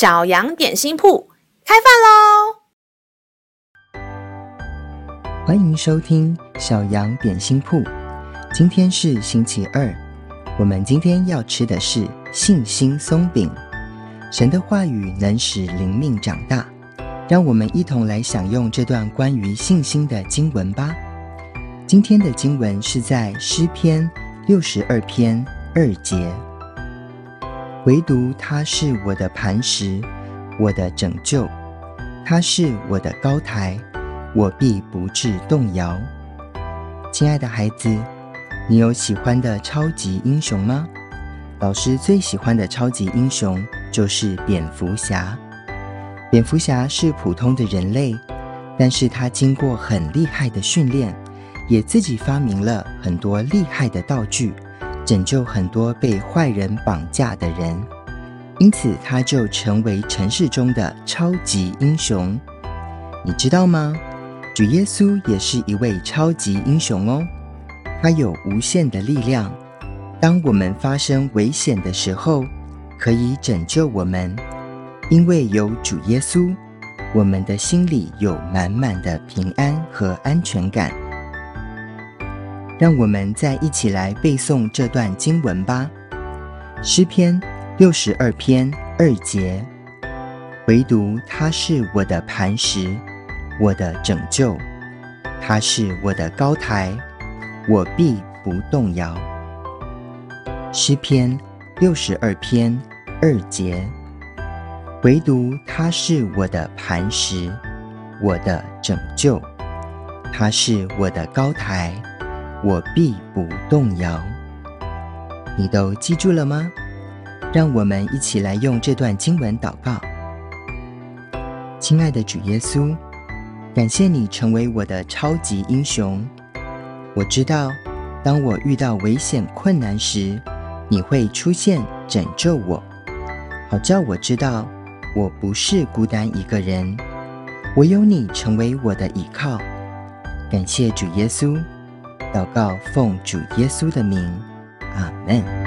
小羊點心鋪開飯嘍！歡迎收聽小羊點心鋪。今天是星期二，我們今天要吃的是信心鬆餅。神的話語能使靈命長大，讓我們一同來享用這段關於信心的經文吧。今天的經文是在詩篇六十二篇二節。唯獨他是我的磐石，我的拯救。他是我的高臺，我必不至動搖。親愛的孩子，你有喜歡的超級英雄嗎？老師最喜歡的超級英雄就是蝙蝠俠。蝙蝠俠是普通的人類，但是他經過很厲害的訓練，也自己發明了很多厲害的道具。拯救很多被壞人綁架的人，因此他就成為城市中的超級英雄。你知道嗎？主耶穌也是一位超級英雄哦，他有無限的力量。當我們發生危險的時候，可以拯救我們。因為有主耶穌，我們的心裡有滿滿的平安和安全感。讓我們再一起來背誦這段經文吧，《詩篇》六十二篇二節，唯獨他是我的磐石，我的拯救，他是我的高台，我必不動搖。《詩篇》六十二篇二節，唯獨他是我的磐石，我的拯救，他是我的高台。我必不動搖，你都記住了嗎？讓我們一起來用這段經文禱告。親愛的主耶穌，感謝你成為我的超級英雄。我知道，當我遇到危險困難時，你會出現拯救我，好叫我知道我不是孤單一個人。我有你成為我的依靠。感謝主耶穌。禱告，奉主耶穌的名，阿門。